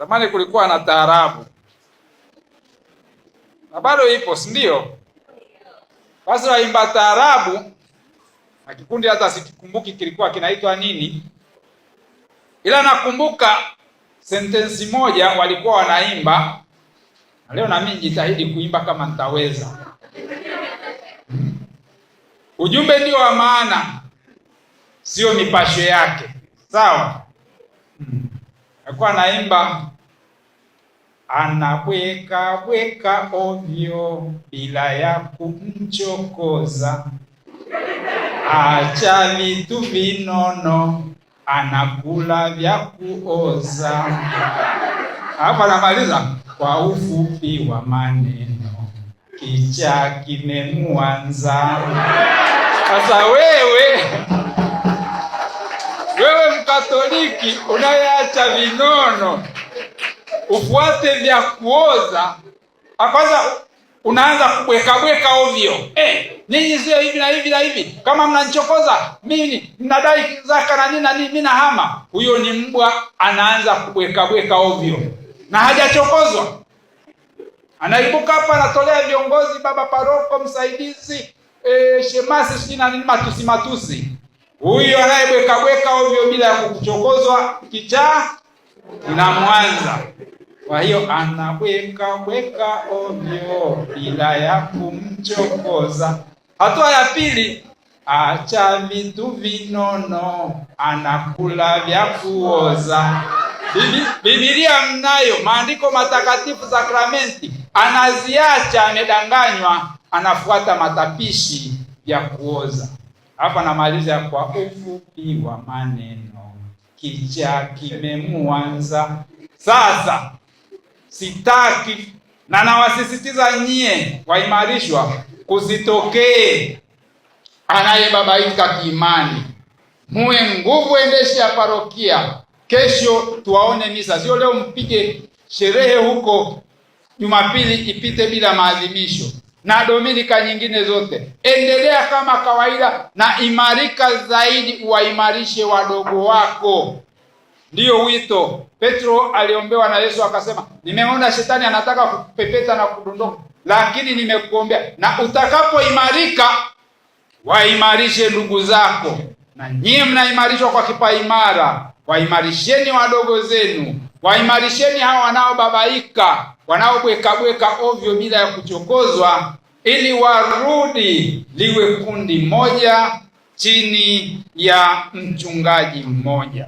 Zamani kulikuwa na taarabu na bado ipo, si ndio? Basi waimba taarabu na kikundi hata sikikumbuki kilikuwa kinaitwa nini, ila nakumbuka sentensi moja walikuwa wanaimba, na leo nami nijitahidi kuimba kama nitaweza. Ujumbe ndio wa maana, sio mipasho yake, sawa? Hmm alikuwa anaimba anabweka bweka ovyo bila ya kumchokoza, acha vitu vinono, anakula vya kuoza. Hapo anamaliza kwa ufupi wa maneno, kicha kimemuanza. Sasa wewe Katoliki unayeacha vinono ufuate vya kuoza ah, kwanza, unaanza kubwekabweka ovyo eh, ninyi sio hivi na hivi na hivi, kama mnanichokoza mimi mnadai zaka na nini na nini, mimi nahama. Huyo ni mbwa, anaanza kubwekabweka ovyo na hajachokozwa, anaibuka hapa anatolea viongozi, baba paroko, msaidizi, eh, shemasi, sijui na nini, matusi matusi huyo anayebwekabweka ovyo bila ya kuchokozwa kichaa kinamwanza. Kwa hiyo anabweka bweka ovyo bila ya kumchokoza. Hatua ya pili, acha vitu vinono, anakula vya kuoza. Biblia mnayo, maandiko matakatifu, sakramenti, anaziacha. Amedanganywa, anafuata matapishi ya kuoza. Hapa namaliza kwa ufupi wa maneno, kichaa kimemwanza. Sasa sitaki na nawasisitiza nyie waimarishwa, kusitokee anayebabaika kiimani, muwe nguvu endeshi ya parokia. Kesho tuwaone misa, sio leo mpige sherehe huko, Jumapili ipite bila maadhimisho na dominika nyingine zote. Endelea kama kawaida na imarika zaidi, uwaimarishe wadogo wako. Ndiyo wito Petro aliombewa na Yesu akasema, nimeona shetani anataka kupepeta na kudondoka, lakini nimekuombea, na utakapoimarika waimarishe ndugu zako. Na nyie mnaimarishwa kwa kipaimara waimarisheni wadogo zenu, waimarisheni hawa wanaobabaika wanaobwekabweka ovyo bila ya kuchokozwa, ili warudi liwe kundi moja chini ya mchungaji mmoja.